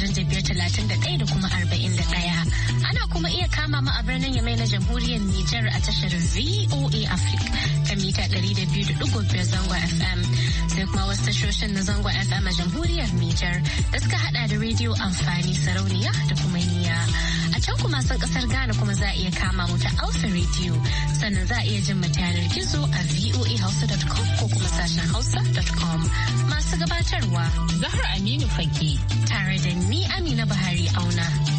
minti 2531 da kuma 41. Ana kuma iya kama mu a birnin Yamai na Jamhuriyar Nijar a tashar VOA Africa ta mita 200.5 zango FM. Sai kuma wasu tashoshin na zango FM a Jamhuriyar Nijar da suka hada da rediyo amfani sarauniya da kuma niyya. kuma son kasar Ghana kuma za a iya kama mu ta hausa Radio sannan za a iya jin mata yanar gizo a voahausa.com ko kuma sashen hausa.com masu gabatarwa Zahra Aminu Fage tare da ni Amina Buhari Auna.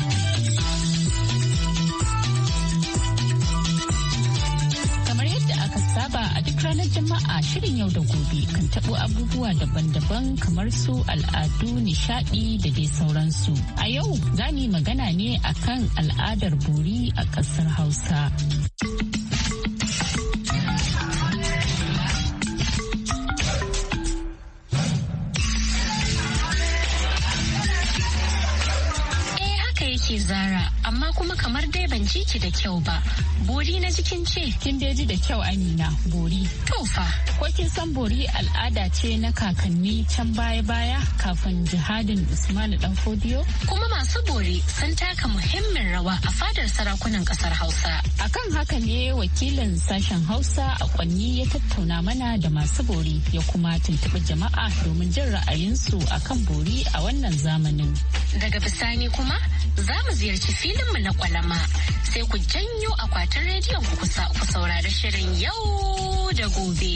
ranar jama'a shirin yau da gobe kan tabo abubuwa daban-daban kamar su al'adu nishadi da dai sauransu a yau za mu magana ne akan al'adar buri a ƙasar hausa ki zara amma kuma kamar dai ban ji ki da kyau ba bori na jikin ce kin dai ji da kyau amina bori to fa ko kin san bori al'ada ce na kakanni can baya baya kafin jihadin usman dan fodiyo kuma masu bori sun taka muhimmin rawa a fadar sarakunan kasar hausa akan haka ne wakilin sashen hausa a kwanni ya tattauna mana da masu bori ya kuma tuntuɓi jama'a domin jin ra'ayinsu akan bori a wannan zamanin daga bisani kuma za za mu ziyarci filinmu na kwalama sai ku janyo akwatin rediyon ku kusa ku saurari shirin yau da gobe.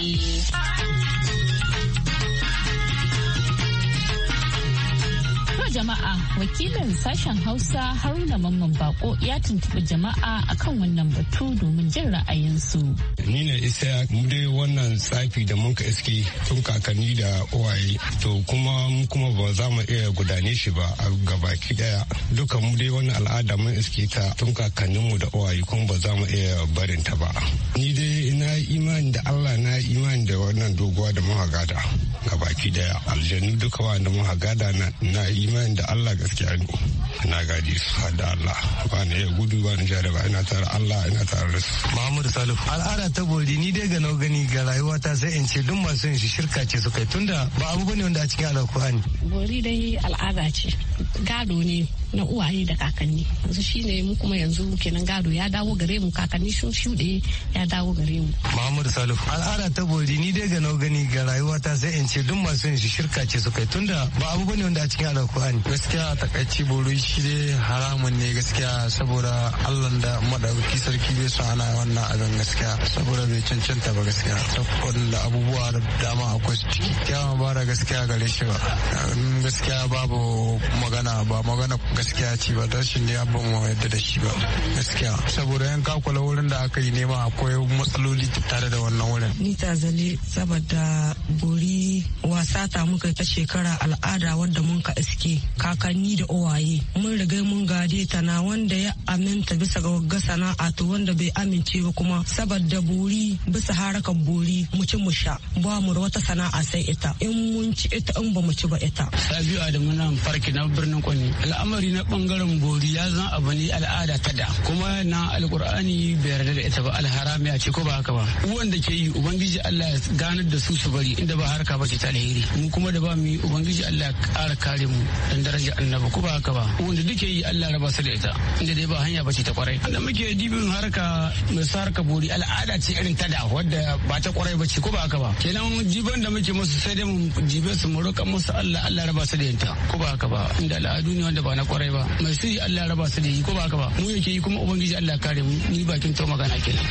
jama'a wakilin sashen Hausa Haruna Mamman Bako ya tuntuɓi jama'a akan wannan batu domin jin ra'ayinsu. Ni ne Isa mu dai wannan tsafi da mun ka iske tun kakanni da uwaye to kuma mu kuma ba za mu iya gudane shi ba a gabaki daya duka mu dai wannan al'ada mun iske ta tun mu da uwaye kuma ba za mu iya barin ta ba. Ni dai ina imani da Allah na imani da wannan doguwa da muka da gabaki daya aljanu duka wanda muka da na imani tsakanin da Allah gaskiya ne na gaji su da Allah ba ne iya gudu ba ni jare ba ina tare Allah ina tare da su. Muhammadu Salif Al'ada ta bori ni dai ga nau gani ga rayuwa ta sai in ce duk masu yin shi shirka ce su kai tunda ba abu bane wanda a cikin alkur'ani. Bori dai al'ada ce gado ne na uwaye da kakanni yanzu shine mu kuma yanzu kenan gado ya dawo gare mu kakanni sun shuɗe ya dawo gare mu. Muhammadu Salif. Al'ada ta bori ni dai ga nau gani ga rayuwa ta sai in ce duk masu yin shi shirka ce su kai tunda ba abu bane wanda a cikin alkur'ani. Gaskiya takaici bori shi dai haramun ne gaskiya saboda allah da madauki sarki bai so ana wannan abin gaskiya saboda bai cancanta ba gaskiya saboda abubuwa da dama akwai su ciki kyawun ba da gaskiya gare shi ba gaskiya babu magana ba magana gaskiya ce ba shi ne abin wa yadda da shi ba gaskiya saboda yan kakula wurin da aka yi nema akwai matsaloli tare da wannan wurin ni ta zale saboda buri wasa ta muka ta shekara al'ada wanda mun ka iske kakanni da owaye mun riga mun gade ta na wanda ya aminta bisa ga wagga sana'a to wanda bai amince ba kuma saboda buri bisa harakan buri mu ci mu sha ba mu wata sana'a sai ita in mun ci ita in ba mu ci ba ita sabiu adamu na farki na birnin kwani al'amari na bangaren bori ya zan abu ne al'ada ta da kuma na alkur'ani bai yarda da ita ba alharami a ce ko ba haka ba wanda ke yi ubangiji Allah ya ganar da su su bari inda ba harka ba ce ta alheri mu kuma da ba mu yi ubangiji Allah ya kara kare mu dan daraja annabi ko ba haka ba wanda duke yi Allah raba su da ita inda dai ba hanya ba ce ta kwarai da muke dibin harka musu harka bori al'ada ce irin tada wadda ba ta kwarai ba ce ko ba haka ba kenan jiban da muke musu sai dai mu jibe su mu roƙa musu Allah Allah raba su da ita ko ba haka ba inda al'adu ne wanda ba na kwarai ba mai sirri Allah raba su da yi ko ba haka ba mu yake yi kuma ubangiji Allah kare mu ni bakin to magana kenan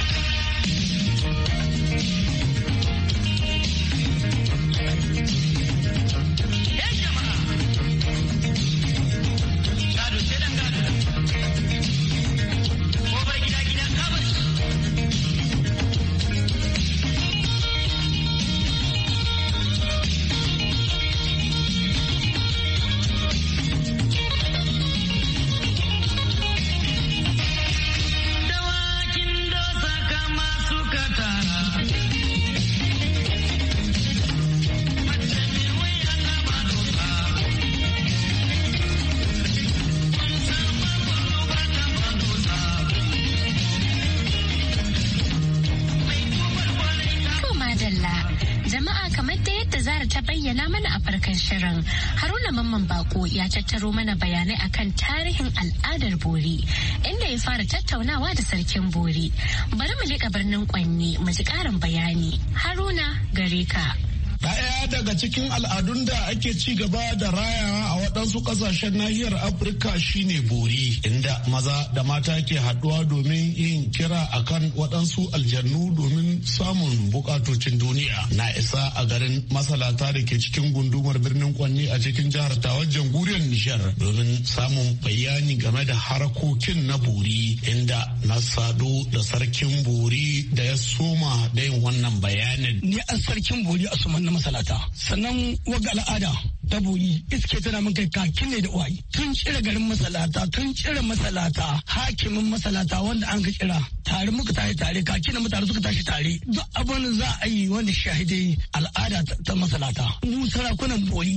tattaro mana bayanai akan tarihin al'adar bori inda ya fara tattaunawa da sarkin bori bari mu leƙa birnin kwanne mu ji ƙarin bayani haruna gare ka Ɗaya daga cikin al'adun da ake ci gaba da rayawa a waɗansu ƙasashen nahiyar Afirka shine bori, inda maza da mata ke haɗuwa domin yin kira akan waɗansu aljannu domin samun bukatocin duniya. Na isa a garin masalata da ke cikin gundumar birnin Kwanni a cikin jihar Tawar jamhuriyar Nijar domin samun bayani game da harkokin na bori inda na sadu da sarkin bori da ya soma da yin wannan bayanin. Ni an sarkin bori a masalata sannan wagga al'ada ta boyi iske tana min kai kakin ne da uwayi tun cire garin masalata tun cire masalata hakimin masalata wanda an ka kira tare muka tashi tare kakin mu tare suka tashi tare duk abin za a yi wanda shahidai al'ada ta masalata mu sarakunan boyi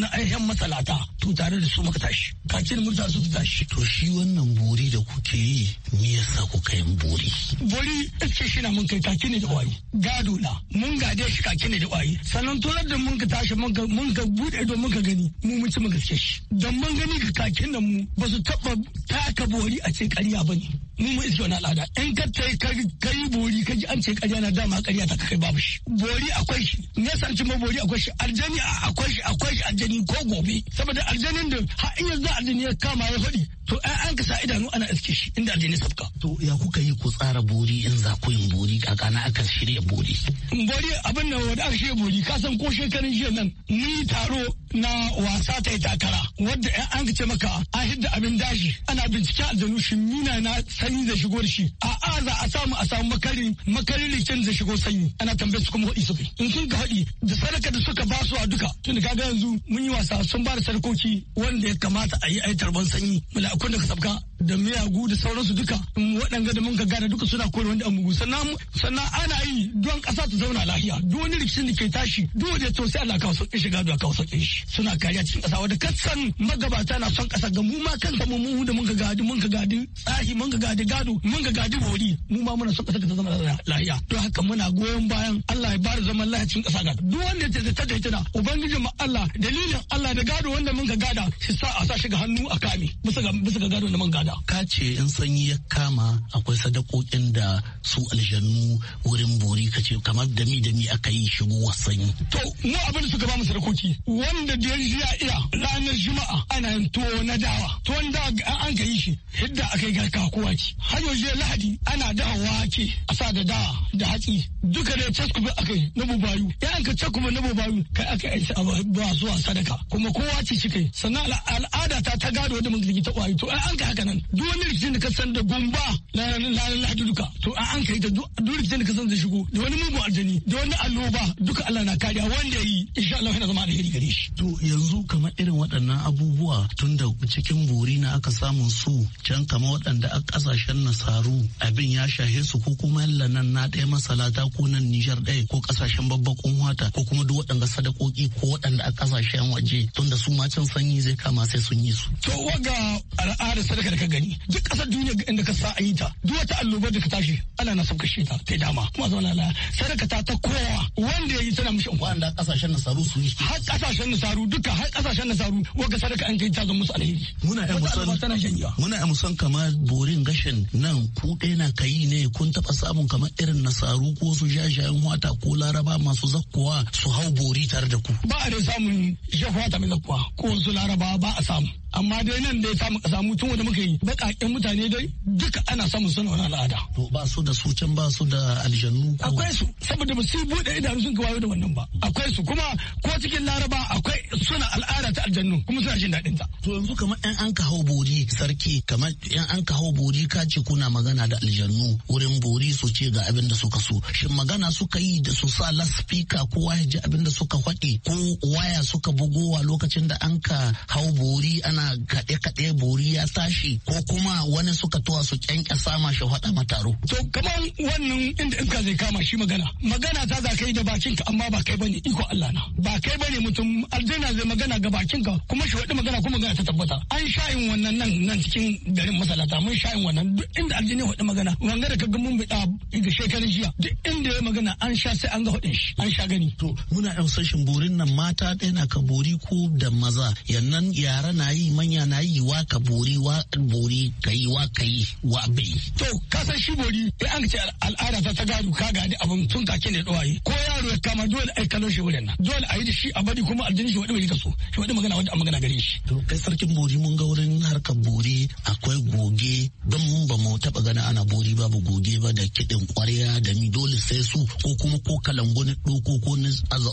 na ayyan masalata to tare da su muka tashi kakin murta su ta tashi to shi wannan bori da kuke yi me yasa ku kai bori bori ce shi na mun kai kakin ne da wayi gado na mun gade shi kakin ne da wayi. sannan tolar da mun ka tashi mun ka mun ka bude ido mun ka gani mu mun ci mun gaske shi dan mun gani ka kakin nan mu ba su taba taka bori a ce ƙarya bane mu mun iske wannan al'ada in ka tai kai bori ka ji an ce ƙarya na dama ƙarya ta kai babu shi bori akwai shi ne san cin bori akwai shi aljani akwai shi akwai shi aljani ko gobe saboda ganin da har in yanzu addini ya kama ya faɗi to an kasa idanu ana iske shi inda addini sabka. To ya kuka yi ku tsara bori in za ku yin bori na aka shirya bori. Bori abin da wanda aka shirya bori ka san ko shekarun jiya nan ni taro na wasa ta yi takara wadda an ka ce maka a hidda abin dashi ana bincike aljanu shi nuna na sanyi da shigo da shi a a za a samu a samu makari ne likin da shigo sanyi ana tambayar su kuma haɗi su kai in sun ka haɗi da sadaka da suka basu a duka tun da kaga yanzu mun yi wasa sun ba da sadakoki wanda ya kamata a yi a yi tarban sanyi. mulakun da ka sabka da miyagu da sauransu duka waɗanga da mun ka gane duka suna kore wanda amugu sannan sannan ana yi don ƙasa ta zauna lafiya duk wani rikicin da ke tashi duk wanda to sai Allah kawo sauƙin shiga da kawo sauƙin shi suna kariya cikin ƙasa wanda kasan magabata na son ƙasa ga mu ma kansa mu mu da mun ka gadi mun ka gadi tsahi mun ka gadi gado mun ka gadi bori mu ma muna son ƙasa ta zama lafiya to haka muna goyon bayan Allah ya bada zaman lafiya cikin ƙasa ga duk wanda ya ta da tana ubangijin mu Allah dalilin Allah da gado wanda mun ka gada shi sa a sa shi ga hannu a kame bisa ga gado da mun gada ka ce in sanyi ya kama akwai sadakokin da su aljannu wurin bori ka ce kamar da mi aka yi shigo sanyi. To mu abin da suka ba mu sadakoki wanda da ya iya ranar juma'a ana yin tuwo na dawa tuwon da an ka shi hidda aka yi garka kowa ci. Hanyar lahadi ana dawa wake a sa da dawa da hatsi duka da caskube aka yi na bubayu ya an ka na bubayu kai aka yi ba zuwa sadaka kuma kowa ci shi kai sannan al'ada ta ta gado da mun ta kwayo to an ka haka nan nan duk wani rikicin da ka san da gumba lalan lahadi duka to a an kai ta duk rikicin da ka san da shigo da wani mugun aljani da wani alloba duka Allah na kariya wanda yi insha Allah yana zama alheri gare shi to yanzu kamar irin waɗannan abubuwa tun da cikin bori na aka samu su can kamar waɗanda a ƙasashen nasaru abin ya shahe su ko kuma yalla nan na ɗaya masalata ko nan Nijar ɗaya ko ƙasashen babban wata ko kuma duk waɗanda sadakoki ko waɗanda a ƙasashen waje tun da su ma can sanyi zai kama sai sun yi su to waga al'adar sadaka da ka gani duk ƙasar duniya inda ka sa an yi ta duk wata annoba da ka tashi ana na sauka shi ta ta dama kuma zauna la sadaka ta ta kowa wanda ya yi tana mishi amfani da ƙasashen nasaru su yi har ƙasashen nasaru duka har ƙasashen nasaru wanda sadaka an kai ta zama musu alheri muna ya musan tana muna ya musan kamar borin gashin nan ku ɗaya na kayi ne kun taɓa samun kamar irin nasaru ko su jajayen wata ko laraba masu zakkowa su hau bori tare da ku ba a da samun jahuwa ta mai zakkowa ko su laraba ba a samu amma dai nan dai samu samu tun wanda muka yi baƙaƙen mutane dai duka ana samun suna wani al'ada. To ba su da su can ba su da aljannu. Akwai su saboda ba su buɗe idanu sun kawo da wannan ba. Akwai su kuma ko cikin laraba akwai suna al'ada ta aljannu kuma suna jin daɗin ta. To yanzu kamar ƴan an kawo bori sarki kamar ƴan an kawo bori ka ce kuna magana da aljannu wurin bori su ce ga abin da suka so. Shin magana suka yi da su sa laspika kowa ya ji abin da suka faɗi ko waya suka bugowa lokacin da an ka hau bori ana kaɗe-kaɗe bori ya tashi ko kuma wani suka tuwa su kyankyasa ma shi faɗa mataro. To kamar wannan inda in ka zai kama shi magana. Magana ta za kai da bakinka amma ba kai bane iko Allah na. Ba kai bane mutum aljanna zai magana ga bakinka kuma shi faɗi magana kuma magana ta tabbata. An sha'in wannan nan nan cikin garin masalata mun sha'in wannan duk inda aljanna ya faɗi magana. Wanga da ga mun biɗa da shekarun jiya duk inda ya magana an sha sai an ga faɗin shi an sha gani. To muna ɗan sashin borin nan mata ɗaya na ka bori ko da maza yannan yara na yi yi manya na yi wa ka bori wa bori ka yi wa ka yi wa bai. To ka san shi bori in an ce al'ada ta ta gado ka gadi abin tun take ne dawaye ko yaro ya kama dole ai kallon shi wurin nan dole a yi shi a bari kuma aljini shi wadi wadi kaso shi wadi magana wadi a magana gare shi. To kai sarkin bori mun ga wurin harkar bori akwai goge don mun ba mu taba gana ana bori babu goge ba da kidin kwarya da mi dole sai su ko kuma ko kalango na doko ko na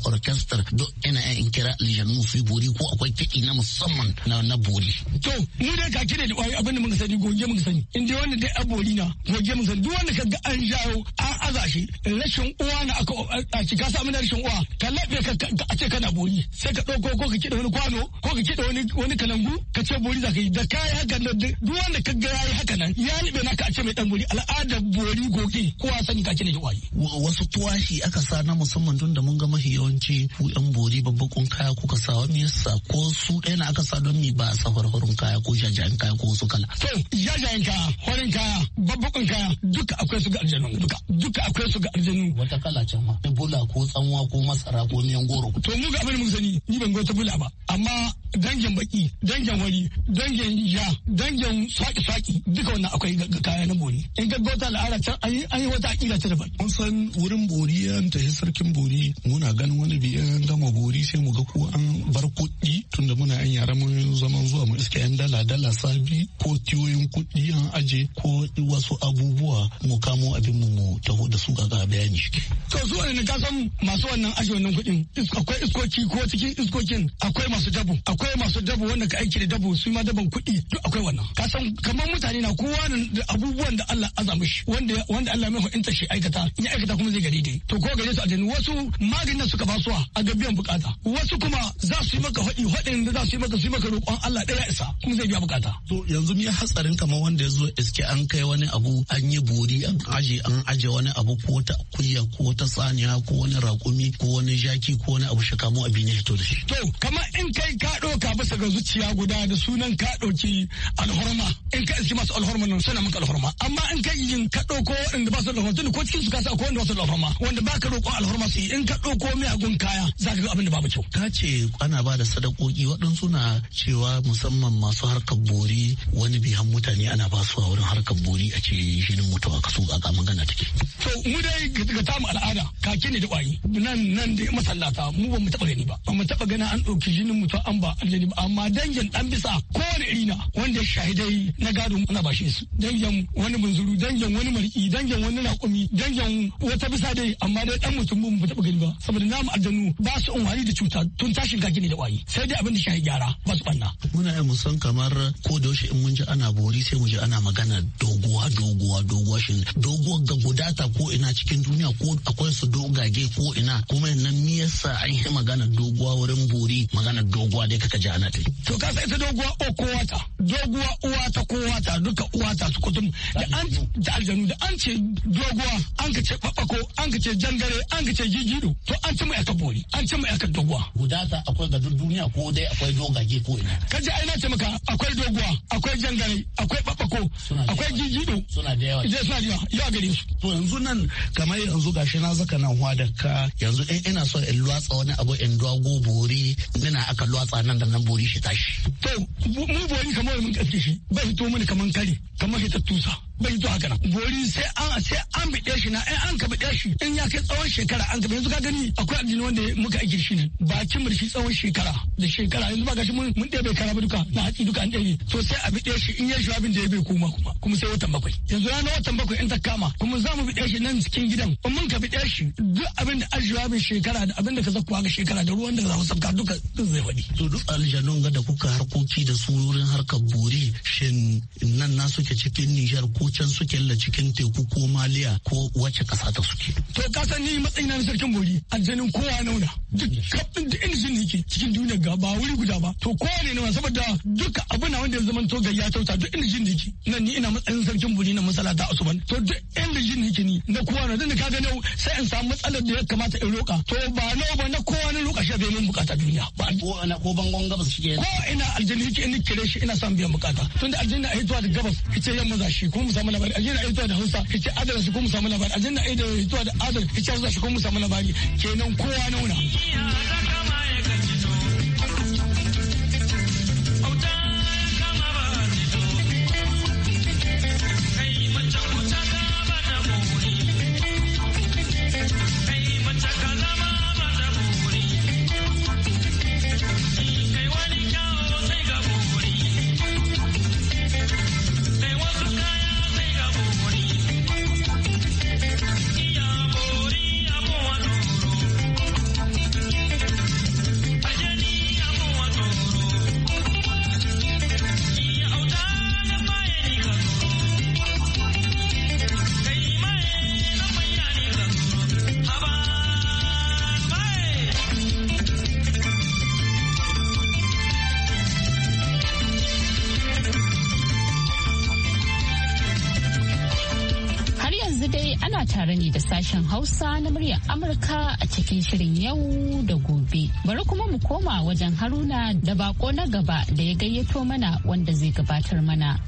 orchestra do ina in kira aljanu fi bori ko akwai kiɗi na musamman na bori. To mu dai kaki da liwaye abin da muka sani goge muka sani. In dai wanda dai abori na goge muka sani duk wanda ka ga an jawo an aza shi rashin uwa na aka a ci ka samu rashin uwa ka labe ka a ce kana bori sai ka ɗauko ko ka kiɗa wani kwano ko ka kiɗa wani wani kalangu ka ce bori za ka yi da kayi haka da duk wanda ka ga yayi haka nan ya libe na ka a ce mai dan bori al'adar bori goge a sani kaki da liwaye. Wasu tuwashi aka sa na musamman tun da mun ga mafi yawanci ku yan bori babbakun kaya kuka sa wani yasa ko su ɗaya na aka sa don mi ba sa horhorin kaya ko jajayen kaya ko wasu kala. To jajayen kaya, horin kaya, babbakan kaya duka akwai su ga aljanu duka. Duka akwai su ga aljanu. Wata kala can ma. Bula ko tsanwa ko masara ko miyan goro. To mu ga abin mun sani ni ban ga wata bula ba. Amma dangin baki, dangin wani, dangin ja, dangin saki-saki duka wannan akwai ga kaya na bori. In ga wata al'ada can an yi wata akila ta daban. Mun san wurin bori an yi sarkin bori muna ganin wani biyan gama bori sai mu ga ko an bar kuɗi tunda muna yan yara mun zama mun zuwa mu iska yan dala dala sabi ko tiyoyin kuɗi an aje ko wasu abubuwa mu kamo abin mu mu taho da su ga bayani shi. To su wani ka san masu wannan aje wannan kuɗin akwai iskoki ko cikin iskokin akwai masu dabu akwai masu dabu wanda ka aiki da dabu su ma daban kuɗi duk akwai wannan. Ka san kamar mutane na kowa da abubuwan da Allah azamu shi wanda wanda Allah mai hukunta shi aikata in aikata kuma zai gari dai. To ko gare su a dani wasu maganin suka ba su a ga biyan bukata wasu kuma za su yi maka haɗi haɗin da za su yi maka su yi maka roƙon Allah Allah ɗaya isa kuma zai biya bukata. To yanzu ya hatsarin kamar wanda ya zo iske an kai wani abu an yi buri an aje an aje wani abu ko ta kuya ko ta saniya ko wani raƙumi ko wani jaki ko wani abu shi kamo abin ya fito da shi. To kamar in kai ka ɗauka bisa ga zuciya guda da sunan ka ɗauki alhorma in ka iske masu alhorma nan suna maka alhorma amma in ka yi ka ɗauko waɗanda ba su alhorma tun ko cikin su ka sa ko wanda ba su alhorma wanda ba ka roƙo alhorma su yi in ka ɗauko miyagun kaya za ka ga abin da babu kyau. Ka ce ana ba da sadakoki waɗansu na cewa musamman masu harkar bori wani bihan mutane ana basuwa wurin harkar bori a ce ne mutuwa kaso a magana take. To mu dai ga ta mu al'ada kake ne da kwayi nan nan da masallata mu ba mu taba gani ba ba mu taba gani an shi ne mutuwa an ba aljani ba amma dangin dan bisa kowane iri na wanda shahidai na gado ana shi su dangin wani munzuru dangin wani mariki dangin wani raƙumi dangin wata bisa dai amma dai dan mutum mu taba gani ba saboda namu aljanu ba su unwani da cuta tun tashin kake ne da kwayi sai dai abin da shahi gyara ba su banna. muna yi musan kamar ko da yaushe in mun ji ana bori sai mu ji ana magana doguwa doguwa doguwa shi doguwa ga gudata ko ina cikin duniya ko akwai su dogage ko ina kuma nan me yasa an yi magana doguwa wurin bori magana doguwa dai kaka ji ana ta to ka sai ta doguwa o ko wata doguwa uwa ta ko wata duka uwa ta su kutum da an da aljanu da an ce doguwa an ka ce babako an ka ce jangare an ka ce jijido to an mu ya ka bori an mu ya ka doguwa gudata akwai ga duniya ko dai akwai dogage ko ina ji aina ce maka akwai doguwa akwai jangare akwai ko akwai gigido suna da yawa suna da yawa gare su to yanzu nan kamar yanzu gashi na zaka nan hwa da ka yanzu in ina so in lwatsa wani abu in dogo bori nina aka lwatsa nan da nan bori shi tashi to mu bori kamar mun kace shi bai fito mini kamar kare kamar shi tattusa tusa bai zuwa haka nan bori sai an sai an bi shi na in an ka biɗe shi in ya kai tsawon shekara an ka yanzu ka gani akwai addini wanda muka aiki shi ne bakin mu shi tsawon shekara da shekara yanzu ba gashi mun mun ɗebe kara duka na haƙi duka an ɗebe to sai a biɗe shi in ya shi abin da ya bai kuma kuma sai watan bakwai yanzu ranar watan bakwai in ta kama kuma za mu biɗe shi nan cikin gidan in mun ka biɗe shi duk abin da bin shekara da abin da ka zakuwa ga shekara da ruwan da za mu sabka duka duk zai faɗi. to duk aljanun ga da kuka harkoki da su wurin harkar bori shin nan na suke cikin nijar ko can suke la cikin teku ko maliya ko wace ƙasa ta suke. to ka san ni matsayin na sarkin bori aljanun kowa nauna duk cikin duniya ga ba wuri guda ba to kowane nawa saboda duka abu na wanda ya zama to gayya tauta duk inda jin jiki nan ni ina matsayin sarkin buri na masalata asuban to duk inda jin jiki ni na kowa na dinka ga nau sai in samu matsalar da ya kamata in roka to ba na ba na kowa na roka shi bai bukata duniya ba ko ana ko bangon gabas shi ko ina aljanna yake in kire shi ina son biyan bukata tunda aljanna a hitowa da gabas yace yan maza shi ko mu samu labari aljanna a hitowa da hausa yace shi ko mu samu labari aljanna a hitowa da adalci yace hausa shi ko mu samu labari kenan kowa wuna Hausa na muryar Amurka a cikin shirin yau da gobe. Bari kuma mu koma wajen Haruna da bako na gaba da ya gayyato mana wanda zai gabatar mana.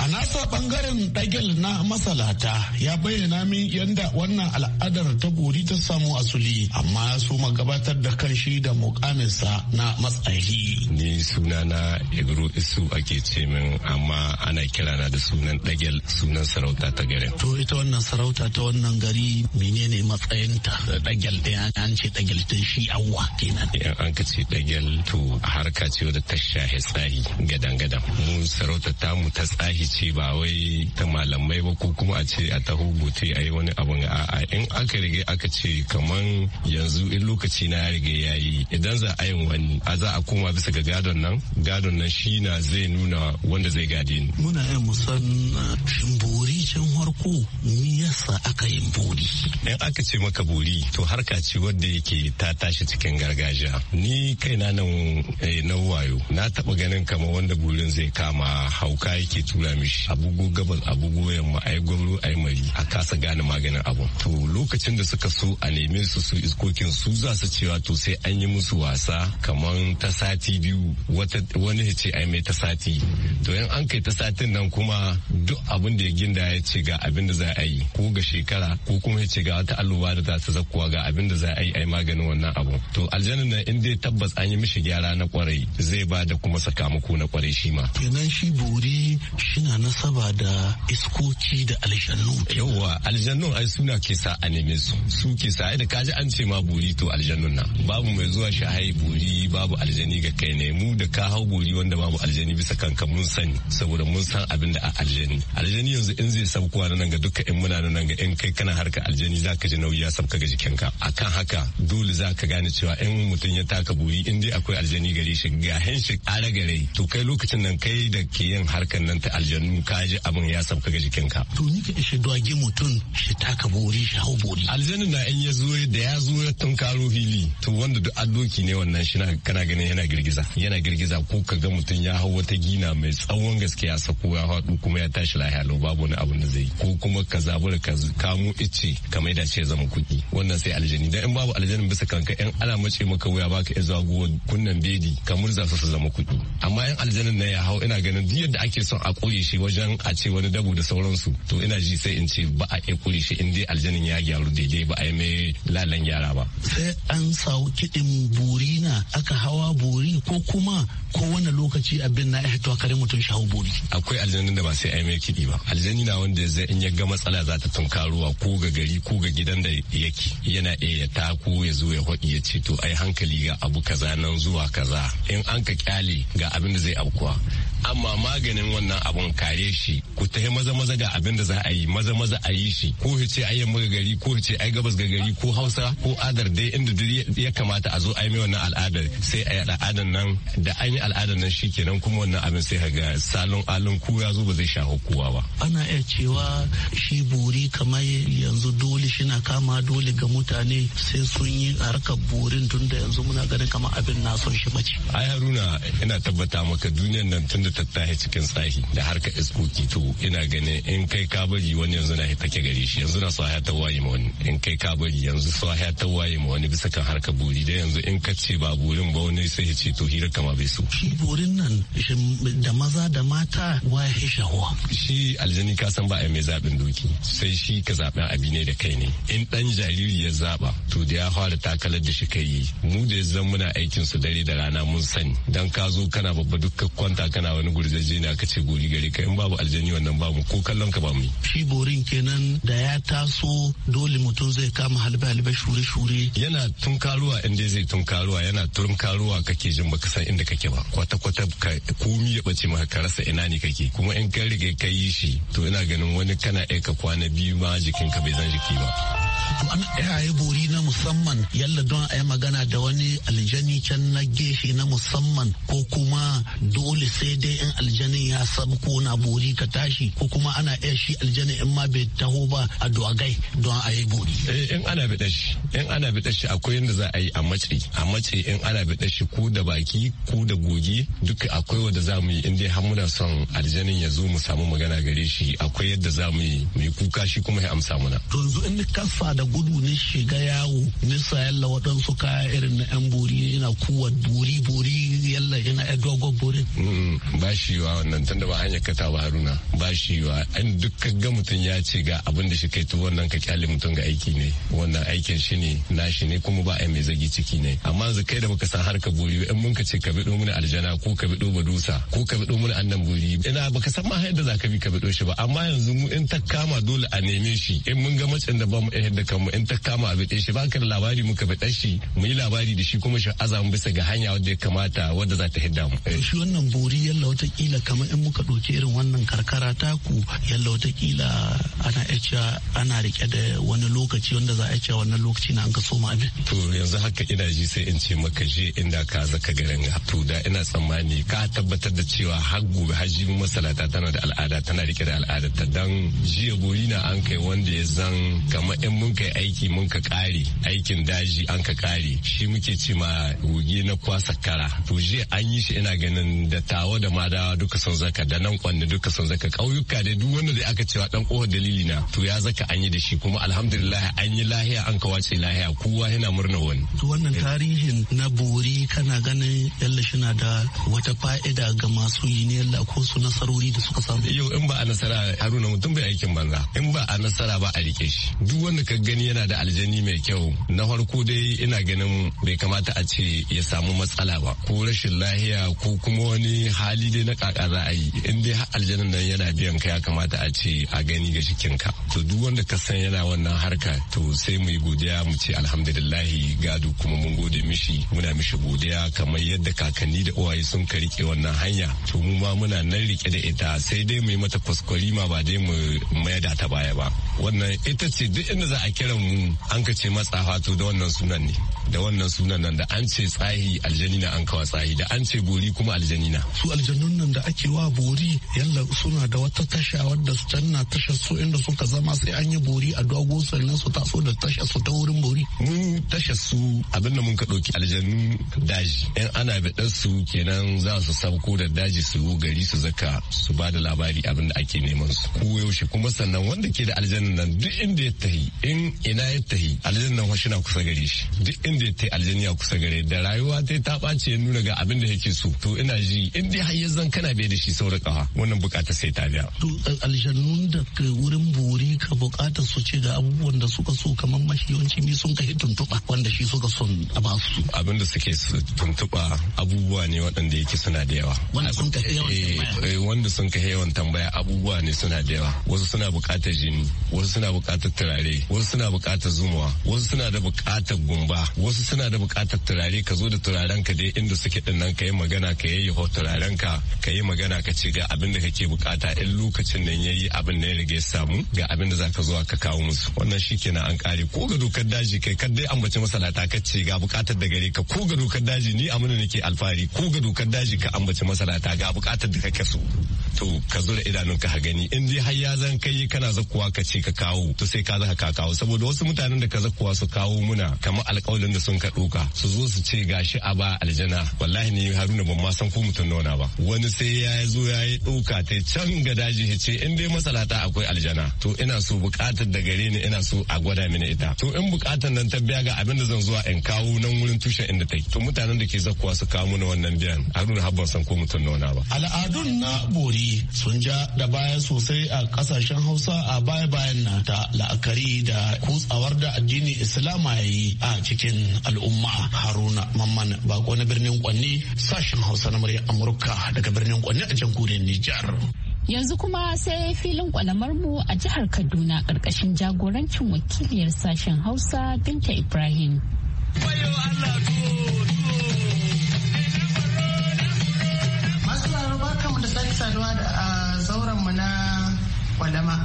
A nasa ɓangaren ɗagel na masalata ya bayyana min yadda wannan al'adar ta bori ta samu asuli amma ya so gabatar da kanshi da mukaminsa na matsayi. Ni sunana Ibro Isu ake ce min amma ana kirana da sunan ɗagel sunan sarauta ta garin. To ita wannan sarauta ta wannan gari menene matsayinta ɗagel ɗaya an ce ɗagel tun shi awwa kenan. Yan an ka ce ɗagel to harka ce wadda ta shahi tsari gadan-gadan. Mu sarauta tamu ta tsahi ce ba wai ta malamai ba ko kuma a ce a taho gote a yi wani abun a'a in aka rige aka ce kaman yanzu in lokaci na ya rige ya yi idan za a yin wani a za a koma bisa ga gadon nan gadon nan shi na zai nuna wanda zai gade ni. muna yin musan ah, shimbori can harko ni yasa aka yin bori. in aka ce maka bori to harka ce wadda yake ta tashi cikin gargajiya ni kaina nan eh, na wayo na taba ganin kamar wanda burin zai kama hauka yake tura buga shi a gabas a bugo yamma a yi gwamnu a yi mai a kasa gane maganin abu to lokacin da suka so a neme su su iskokin su za su cewa to sai an yi musu wasa kamar ta sati biyu wani ya ce ai mai ta sati to yan an kai ta satin nan kuma duk abin da ya ginda ya ce ga abin da za a yi ko ga shekara ko kuma ya ce ga wata da za ta zakkuwa ga abin da za a yi a yi maganin wannan abu to aljanin nan in dai tabbas an yi mishi gyara na kwarai zai ba da kuma sakamako na kwarai shi ma kenan shi bori shina nasaba da iskoki da aljannu yawa aljannu ai suna ke sa a neme su su ke sa da kaji an ce ma bori to aljannun na babu mai zuwa shi hai buri babu aljani ga kai ne mu da ka hau bori wanda babu aljani bisa kanka mun sani saboda mun san abin da a aljani aljani yanzu in zai sabkuwa na nan ga duka in muna nan ga in kai kana harka aljani zaka ji nauyi ya sabka ga jikinka akan haka dole za ka gane cewa in mutum ya taka buri in dai akwai aljani gare shi ga hen shi Tukai gare to kai lokacin nan kai da ke yin harkan nan ta aljanu ka ji abin ya sabka ga jikinka to ni ka ishe dwage mutum shi taka buri shi hau buri aljani na in ya zo da ya zo ya karo fili to wanda duk addoki ne wannan shi kana ganin yana girgiza yana girgiza ko ka ga mutum ya hau wata gina mai tsawon gaske ya sako ya haɗu kuma ya tashi lahiya lau babu wani abin da zai ko kuma ka da ka kamo ice ka da shi ya zama kuɗi wannan sai aljani dan in babu aljanin bisa kanka yan ana ce maka wuya baka iya zuwa kunnan bedi ka murza su su zama kuɗi amma yan aljanin na ya hau ina ganin duk yadda ake son a ƙure shi wajen a ce wani dabu da sauransu to ina ji sai in ce ba a iya ƙure shi in dai aljanin ya gyaru daidai ba a yi mai lalan gyara ba. sai an sawo kiɗin buri aka hawa buri ko kuma kowane lokaci abin na ya mu mutum shahu bori. Akwai aljanun da ba sai ai mai kiɗi ba. Aljani na wanda zai in ya ga matsala za ta tunkaruwa ko ga gari ko ga gidan da yake yana iya ya tako ya zo ya haɗi ya ce to ai hankali ga abu kaza nan zuwa kaza in an ka kyale ga abin da zai aukuwa. Amma maganin wannan abun kare shi ku ta maza maza ga abin da za a yi maza maza a yi shi ko ya ce ayyan yamma gari ko ya ce ai gabas ga gari ko hausa ko adar dai inda ya kamata a zo ai mai wannan al'adar sai a yi al'adar nan da an yi al'adar nan shi kenan kuma wannan abin sai ka daga salon alon ko ya zo ba zai shafi kowa ba ana iya cewa shi bori kamar yanzu dole shi na kama dole ga mutane sai sun yi harkar borin tun da yanzu muna ganin kamar abin na son shi bace ai haruna ina tabbata maka duniyar nan tun da tattahi cikin tsahi da harkar iskoki to ina ganin in kai ka bari wani yanzu na take gare shi yanzu na so ta waye ma wani in kai ka bari yanzu so ya ta waye ma wani bisa kan harkar bori da yanzu in ka ce ba borin ba wani sai ya ce to hira kama bai so shi borin nan da ma maza da mata wa ya shahuwa. Shi aljani ka san ba a mai zaɓin doki sai shi ka zaɓen abi ne da kai ne. In ɗan jariri ya zaɓa to da ya fara takalar da shi ka yi mu da zan muna aikin su dare da rana mun sani dan ka zo kana babba dukka kwanta kana wani gurjeje ne ka ce gori gari ka in babu aljani wannan ba mu ko kallon ka ba mu. Shi borin kenan da ya taso dole mutum zai kama halbe halbe shure shure. Yana tunkaruwa inda zai tunkaruwa yana tunkaruwa kake jin baka san inda kake ba kwata kwata komi ya ɓace ma ka rasa ina ne kake kuma in ka riga ka yi shi to ina ganin wani kana aika kwana biyu ma jikinka bai zan jiki ba to an yi bori na musamman yalla don a yi magana da wani aljani can na gefe na musamman ko kuma dole sai dai in aljanin ya sabu ko na bori ka tashi ko kuma ana iya shi aljanin in ma bai taho ba a dogai don a yi bori. Eh, in ana bi dashi in ana bi dashi akwai yadda za a yi a mace a mace in ana bi dashi ko da baki ko da goge duka akwai wanda za mu yi in har muna son aljanin ya zo mu samu magana gare shi akwai yadda za mu yi mu kuka shi kuma ya amsa muna. To yanzu in kasa da gudu ni shiga yawo nisa yalla waɗansu kaya irin na yan bori ina kuwa bori bori yalla ina yan dogon bori. Ba shi yiwa wannan tunda ba hanyar kata ba Haruna ba shi yiwa an duk ga mutum ya ce ga abin da shi kai tu wannan ka kyale mutum ga aiki ne wannan aikin shi ne nashi ne kuma ba a mai zagi ciki ne amma yanzu kai da baka san harka bori in mun ka ce ka biɗo mini aljana ko ka biɗo badusa ko ka biɗo faɗo mana annan buri ina baka san ma yadda za ka bi ka biɗo shi ba amma yanzu mu in ta kama dole a neme shi in mun ga macen da ba mu iya yadda kanmu in ta kama a biɗe shi ba ka da labari muka biɗe shi mu yi labari da shi kuma shi azamu bisa ga hanya wadda ya kamata wadda za ta hidda mu. Eh. shi wannan buri yalla watakila kamar in muka ɗauki irin wannan karkara taku yalla watakila ana iya ana rike da wani lokaci wanda za a iya wannan lokaci na an ka soma abin. to yanzu haka ina ji sai in ce maka je inda ka zaka garin to da ina tsammani ka tabbatar da cewa har gobe har jibin masalata tana da al'ada tana rike da al'ada ta dan jiya gori na an kai wanda ya zan kamar in mun kai aiki mun ka kare aikin daji an ka kare shi muke ce ma goge na kwasa kara to jiya an yi shi ina ganin da tawa da madawa duka sun zaka da nan kwanne duka sun zaka kauyuka da duk wanda da aka cewa dan kohar dalili na to ya zaka an yi da shi kuma alhamdulillah an yi lahiya an kawace lahiya kowa yana murna wani to wannan tarihin na bori kana ganin yalla shi na da wata fa'ida ga masu Yi ne ko su nasarori da suka samu yau in ba a nasara haruna mutum bai aikin banza in ba a nasara ba a rike shi duk wanda ka gani yana da aljani mai kyau na farko dai ina ganin bai kamata a ce ya samu matsala ba ko rashin lahiya ko kuma wani hali dai na kaka za a yi in dai har aljanin nan yana biyan ka ya kamata a ce a gani ga ka to duk wanda ka san yana wannan harka to sai mu yi godiya mu ce alhamdulillahi gado kuma mun gode mishi muna mishi godiya kamar yadda kakanni da uwaye sun ka rike wannan hanya to mu ma muna nan rike da ita sai dai mu yi mata kwaskwarima ba dai mu da ta baya ba wannan ita ce duk inda za a kira mu an ka ce matsafa to da wannan sunan ne da wannan sunan nan da an ce tsahi aljanina an kawa tsahi da an ce bori kuma aljanina su aljanun nan da ake wa bori yalla suna da wata tasha wadda su canna tashar su inda suka zama sai an yi bori a dogo sannan su taso da tashar su ta wurin bori mun tashar su abinda da mun ka ɗauki aljanun daji in ana biɗar su kenan za su sauko da daji su gari su zaka su ba da labari abin da ake neman su ko yaushe kuma sannan wanda ke da aljannan nan duk inda ya tahi in ina ya tahi aljannan wa na kusa gare shi duk inda ya tahi ya kusa gare da rayuwa ta ta ɓace ya nuna ga abin da yake so to ina ji in dai har yanzu kana bai da shi saura kawa wannan bukata sai ta biya. to aljannun da wurin bori ka bukata su ce ga abubuwan da suka so kamar mashi yawanci mi sun kai tuntuɓa wanda shi suka son a ba su. abin da suke tuntuɓa abubuwa ne waɗanda yake suna da yawa. wanda sun Eh, eh, wanda sun kai yawan tambaya abubuwa ne suna da yawa wasu suna bukatar jini wasu suna bukatar turare wasu suna bukatar zumuwa wasu suna da bukatar gumba wasu suna da bukatar turare ka zo da turaren ka dai inda suke din nan ka yi magana ka yi turaren ka ka yi magana ka ce ga abin da kake bukata in lokacin nan yayi abin da ya rage samu ga abin da zaka zo ka kawo musu wannan shikenan an kare ko ga dokar daji kai kar dai ambaci masalata ka ce ga bukatar da gare ka ko ga dokar daji ni amina nake alfahari ko ga dokar daji ka ambaci masalata ga ga bukatar da kake so to ka zo da idanun ka gani in dai har ya zan kai kana zakkuwa ka ce ka kawo to sai ka zaka ka kawo saboda wasu mutanen da ka zakkuwa su kawo muna kamar alƙawalin da sun ka ɗuka su zo su ce gashi a ba aljana wallahi ni haruna ban ma san ko mutum nona ba wani sai ya zo ya yi ɗuka ta can ga daji ya ce in dai masalata akwai aljana to ina so buƙatar da gare ni ina so a gwada mini ita to in buƙatar nan ta biya ga abin da zan zuwa in kawo nan wurin tushen inda ta to mutanen da ke zakkuwa su kawo muna wannan biyan haruna har ban san ko mutum nona ba al'adun na bori yi sun ja da baya sosai a kasashen hausa a baya bayan na ta la'akari da kutsawar da addinin islama ya yi a cikin al'umma haruna mamman bako na birnin kwanne sashen hausa na murya amurka daga birnin kwanne a jamhuriyar nijar yanzu kuma sai filin mu a jihar kaduna ƙarƙashin jagorancin wakiliyar sashen hausa binta ibrahim. Allah saduwa da ah, zauren mu na kwalama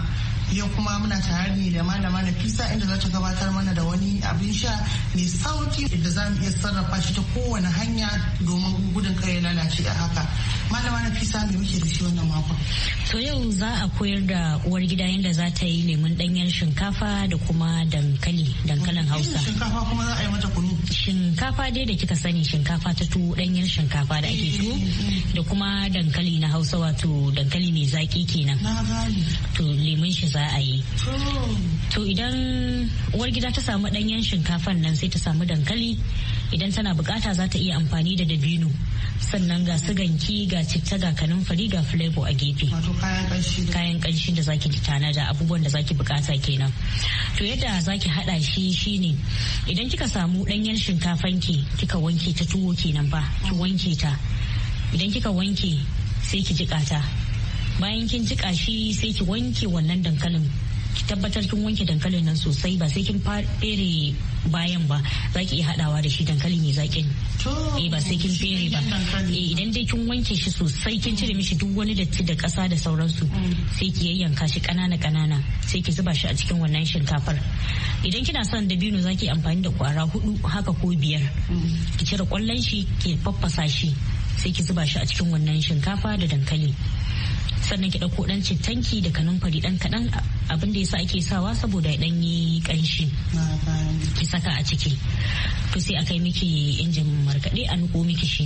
yau kuma muna tare ne da malama Nafisa inda za ta gabatar mana da wani abin sha mai sauki da za mu iya sarrafa shi ta kowane hanya domin gudun ya lalace a haka. Malama Nafisa mai muke da shi wannan makon? To yau za a koyar da uwar gida yadda za ta yi lemun ɗanyen shinkafa da kuma dankali dankalin Hausa. Shinkafa kuma za a yi mata kunu. Shinkafa dai da kika sani shinkafa ta tuwo ɗanyen shinkafa da ake tuwo mm, mm, mm. da kuma dankali na Hausa wato dankali mai zaƙi kenan. Na gani. To lemun shi za a yi to idan uwar gida ta samu ɗanyen shinkafan nan sai ta samu dankali idan tana bukata za ta iya amfani da dabino sannan ga ganki ga citta ga kanin fari ga flavor a gefe kayan ƙanshin da zaki da abubuwan da zaki bukata kenan to yadda zaki haɗa shi shine idan kika samu ɗanyen shinkafan ki kika wanke ta tuwo kenan ba ki wanke ta idan kika wanke sai ki jikata ta bayan kin jika shi sai ki wanke wannan dankalin ki tabbatar kin wanke dankalin nan sosai ba sai kin fere bayan ba za ki iya haɗawa da shi dankali mai zaƙin eh ba sai kin fere ba eh, idan dai kin wanke shi sosai kin cire mishi duk wani datti da ƙasa da sauransu mm. sai ki yayyanka shi ƙanana ƙanana sai ki zuba shi a cikin wannan shinkafar idan kina son dabino za ki amfani da kwara hudu haka ko biyar mm. ki cire ƙwallon shi ki faffasa shi sai ki zuba shi a cikin wannan shinkafa da dankali sannan ki ɗauko ɗan cittanki da kanumfari ɗan kaɗan abin da yasa ake sawa saboda ya ɗan yi ƙanshi ki saka a ciki to sai aka yi miki injin markaɗe a nuko miki shi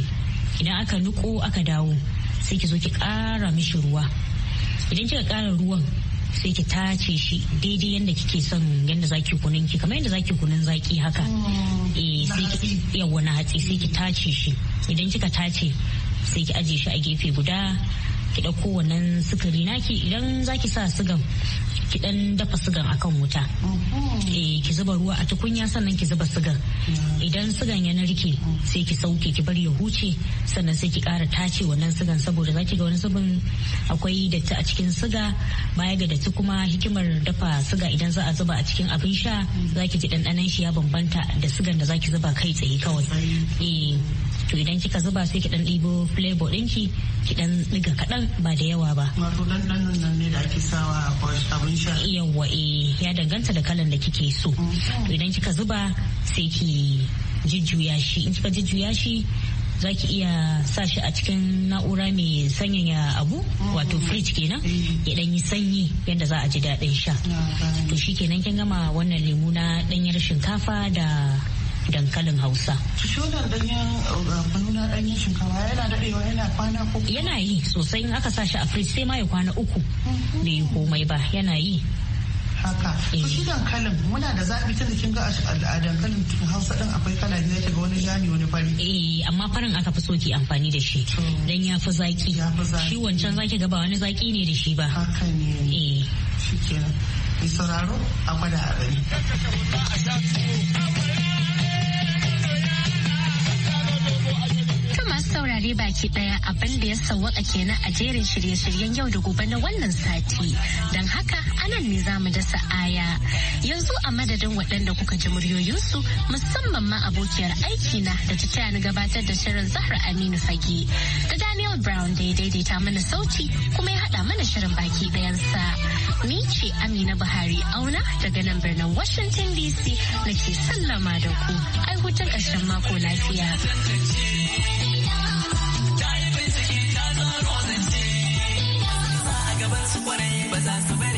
idan aka nuko aka dawo sai ki zo ki ƙara mishi ruwa idan kika ƙara ruwan sai ki tace shi daidai yadda kike son yadda zaki kunun ki kamar yadda zaki kunun zaki haka oh. eh sai ki yawa na hatsi sai ki tace shi idan kika tace sai ki aje shi a gefe guda ki ɗauko wannan sukari naki idan zaki sa sugan ki dan dafa sugan akan wuta eh ki zuba ruwa a tukunya sannan ki zuba sugan mm. idan sugan ya narke mm. sai ki sauke ki bar ya huce sannan sai ki kara tace wannan sugan saboda zaki ga wani zubin akwai datti a cikin suga baya ga datti kuma hikimar dafa suga idan za a zuba a cikin abin sha mm. zaki ji dandanan shi ya bambanta da sugan da zaki zuba kai tsaye kawai eh to idan kika zuba sai ki dan ɗibo flavor ɗinki ki dan ɗiga kaɗan ba da yawa ba wato ɗanɗanon nan ne da ake sawa abin yawa eh ya danganta da kalan da kike so to idan kika zuba sai ki jujjuya shi in kika jujjuya shi za ki iya sa shi a cikin na'ura mai sanyaya abu wato fridge kenan ya dan yi sanyi yadda za a ji daɗin sha to shi kenan kin gama wannan lemu na ɗanyar shinkafa da dankalin hausa. Shudar ganyen kununa ɗanyen uh, shinkawa yana daɗewa yana kwana uku. Yana yi sosai in aka sa shi a firis sai ma ya kwana uku. Mhm. Bai yi komai ba yana yi. haka to eh. shi dankalin muna da zaɓi tun da kin ga a dankalin hausa ɗin akwai kala biyu ya shiga wani jami wani fari eh amma farin aka fi so amfani da shi dan ya fi zaki shi wancan zaki gaba wani zaki ne da shi ba haka ne eh shikenan ki sauraro a gwada a gani saurari saurare baki daya abin da ya sauwaka kenan a jerin shirye-shiryen yau da gobe na wannan sati. Don haka anan ne za mu dasa aya. Yanzu a madadin waɗanda kuka ji muryoyinsu musamman ma abokiyar aiki na da ta taya ni gabatar da shirin Zahra Aminu Fage. Da Daniel Brown da ya daidaita mana sauti kuma ya haɗa mana shirin baki ɗayansa. Ni ce Amina Buhari auna daga nan birnin Washington DC na ke sallama da ku. Ai hutun ƙarshen mako lafiya. su kwarai ba za su